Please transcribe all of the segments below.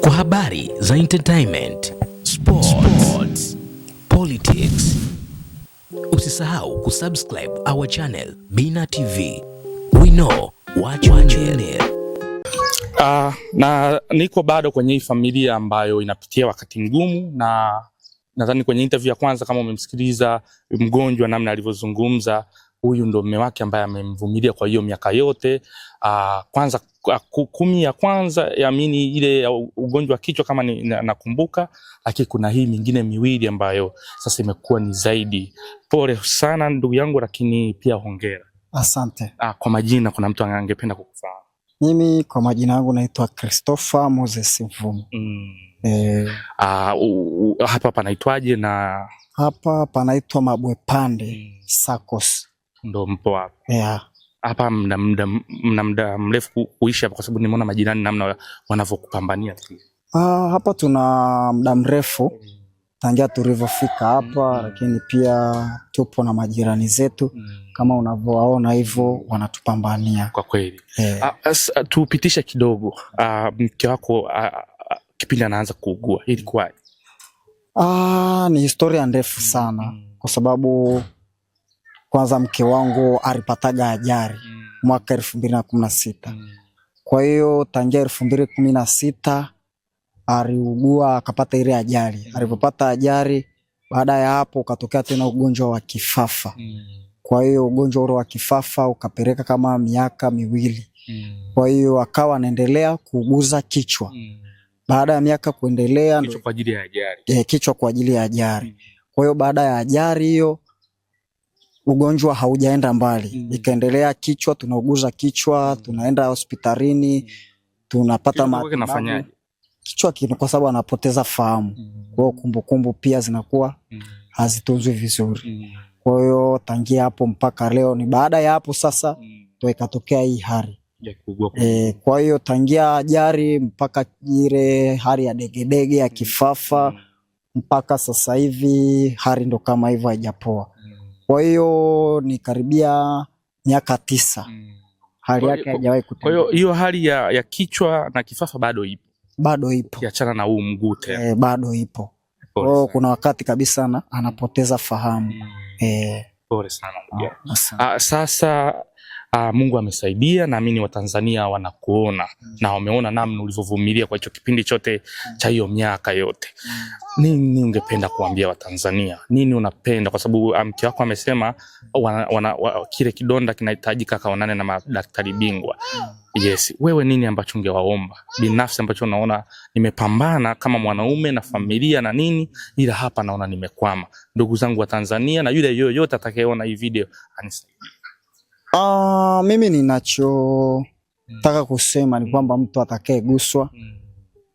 Kwa habari za entertainment, sports, sports, politics, usisahau kusubscribe our channel Bina TV. We know what you need. Uh, ah, na niko bado kwenye hii familia ambayo inapitia wakati mgumu, na nadhani kwenye interview ya kwanza, kama umemsikiliza mgonjwa namna alivyozungumza huyu ndo mume wake ambaye amemvumilia kwa hiyo miaka yote. Uh, kwanza ah, kumi ya kwanza yamini ile ugonjwa wa kichwa kama ni, na, nakumbuka, lakini kuna hii mingine miwili ambayo sasa imekuwa ni zaidi. Pole sana ndugu yangu, lakini pia hongera, asante. Ah, kwa majina kuna mtu angependa kukufahamu? Mimi kwa majina yangu naitwa Christopher Moses Mvumo. mm. E, hapa panaitwaje? na hapa panaitwa Mabwepande mm. Sakos ndo mpo hapa yeah. Hapa mna mda mna mda mrefu kuishi hapa, kwa sababu nimeona majirani namna wanavyokupambania. Ah, hapa tuna mda mrefu tangia tulivyofika hapa mm. Lakini pia tupo na majirani zetu mm. Kama unavyowaona hivyo wanatupambania kwa kweli yeah. Ah, ah, Tupitishe kidogo, ah, mke wako kipindi anaanza kuugua ilikuwaje? Ah, ni historia ndefu sana mm. kwa sababu kwanza mke wangu alipataga ajali mm. mwaka elfu mbili na kumi na sita. Mm. Kwa hiyo tangia elfu mbili kumi na sita aliugua akapata ile ajali. Mm. Alipopata ajali, baada ya hapo ukatokea tena ugonjwa wa kifafa. Kwa hiyo ugonjwa ule wa kifafa ukapeleka kama miaka miwili. Kwa hiyo akawa anaendelea kuuguza kichwa. Baada ya miaka kuendelea, kichwa kwa ajili ya ajali. Eh, kwa hiyo baada ya ajali hiyo ugonjwa haujaenda mbali mm. Ikaendelea kichwa, tunauguza kichwa, mm. tunaenda hospitalini, mm. tunapata Kichwa kwa sababu anapoteza fahamu mm. kwao kumbukumbu pia zinakuwa mm. hazitunzwi vizuri mm. Kwa hiyo tangia hapo mpaka leo ni baada ya hapo sasa mm. ndo ikatokea hii hari E, eh, kwa hiyo tangia ajari mpaka ile hali ya degedege ya mm. kifafa mpaka sasa hivi hali ndo kama hivyo haijapoa. Kwa hiyo ni karibia miaka tisa mm. hali yake haijawahi kutembea. Kwa hiyo hiyo hali ya, ya kichwa na kifafa bado ipo, bado ipo, kiachana na huu mguu tena e, bado ipo. Kwa hiyo kuna wakati kabisa na anapoteza fahamu mm. e. Pole sana. Ah, ah sasa Aa, ah, Mungu amesaidia, naamini Watanzania wanakuona mm. na wameona namna ulivyovumilia kwa hicho kipindi chote mm. cha hiyo miaka yote mm. nini ungependa kuambia Watanzania? Nini unapenda kwa sababu ah, mke wako amesema wana, wana, wana, kile kidonda kinahitajika kaonane na madaktari bingwa mm. yes. Wewe nini ambacho ungewaomba binafsi, ambacho unaona nimepambana kama mwanaume na familia na nini, ila hapa naona nimekwama? Ndugu zangu wa Tanzania na yule yoyote atakayeona hii video anisaidie. Ah, mimi ninachotaka hmm. kusema ni kwamba mtu atakayeguswa hmm.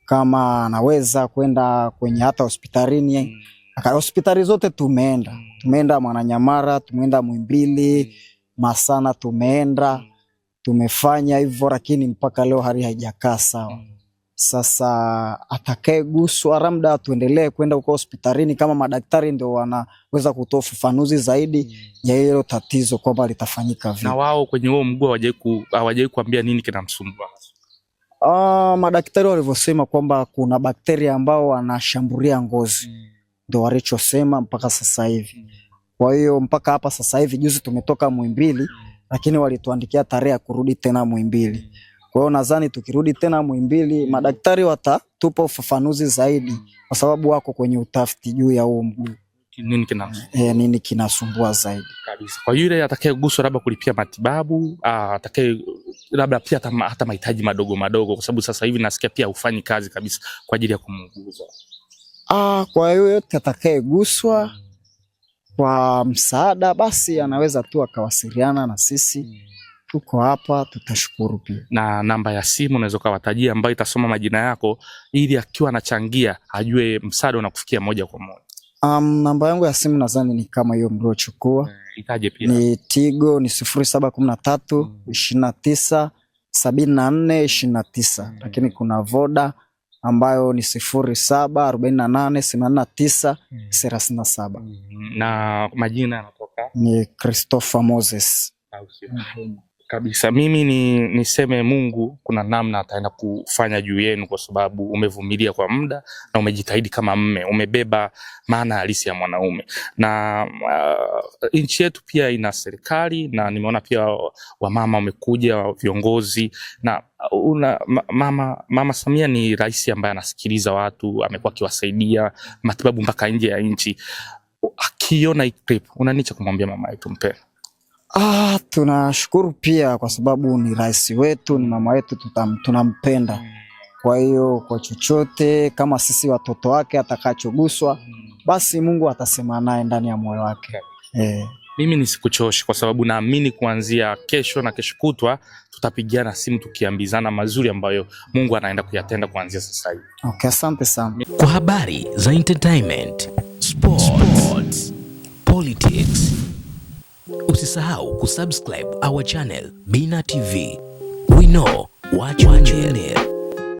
kama anaweza kwenda kwenye hata hospitalini hmm. hospitali zote tumeenda, tumeenda Mwananyamara, tumeenda Mwimbili, Masana, tumeenda tumefanya hivyo, lakini mpaka leo hali haijakaa sawa. Sasa atakayeguswa labda tuendelee kwenda huko hospitalini, kama madaktari ndio wanaweza kutoa ufafanuzi zaidi mm. ya hilo tatizo kwamba litafanyika vipi. Na wao kwenye huo mguu hawajai kuambia nini kinamsumbua. Uh, madaktari walivyosema kwamba kuna bakteria ambao wanashambulia ngozi hmm. ndio mm. walichosema mpaka sasa hivi mm. kwa hiyo mpaka hapa sasa hivi, juzi tumetoka Muhimbili, hmm. lakini walituandikia tarehe ya kurudi tena Muhimbili mm. Kwa hiyo nadhani tukirudi tena Muhimbili mm-hmm. madaktari watatupa ufafanuzi zaidi, kwa sababu wako kwenye utafiti juu ya huo mguu nini kinasumbua e, nini kinasumbua zaidi kabisa. Kwa yule atakayeguswa labda kulipia matibabu, ah, atakaye labda pia hata mahitaji madogo madogo, kwa sababu sasa hivi nasikia pia ufanyi kazi kabisa kwa ajili ya kumuuguza. Ah, kwa yoyote atakayeguswa kwa msaada, basi anaweza tu akawasiliana na sisi mm tuko hapa, tutashukuru pia. Na namba ya simu unaweza ukawatajia, ambayo itasoma majina yako, ili akiwa anachangia ajue msaada unakufikia moja kwa moja. Um, namba yangu ya simu nadhani ni kama hiyo mliochukua, eh, itaje pia ni Tigo ni sifuri saba kumi na tatu mm. ishirini na tisa sabini na nne ishirini na tisa mm. lakini kuna Voda ambayo ni sifuri saba arobaini na nane themanini na tisa mm. thelathini na saba na majina yanatoka ni Christopher Moses kabisa. Mimi ni niseme Mungu kuna namna ataenda kufanya juu yenu, kwa sababu umevumilia kwa muda na umejitahidi kama mme, umebeba maana halisi ya mwanaume. Na uh, nchi yetu pia ina serikali na nimeona pia wamama wamekuja viongozi na uh, una, mama, mama Samia ni rais ambaye anasikiliza watu, amekuwa akiwasaidia matibabu mpaka nje ya nchi. Akiona hii clip unanicha kumwambia mama yetu mpenda Ah, tunashukuru pia kwa sababu ni rais wetu, ni mama wetu, tunampenda. Kwa hiyo kwa chochote kama sisi watoto wake atakachoguswa, basi Mungu atasema naye ndani ya moyo wake eh. Mimi nisikuchoshe kwa sababu naamini kuanzia kesho na kesho kutwa tutapigiana simu tukiambizana mazuri ambayo Mungu anaenda kuyatenda kuanzia sasa hivi. Okay, asante sana. Kwa habari za entertainment, sports, sports, politics Usisahau kusubscribe our channel Bina TV. We know what you need.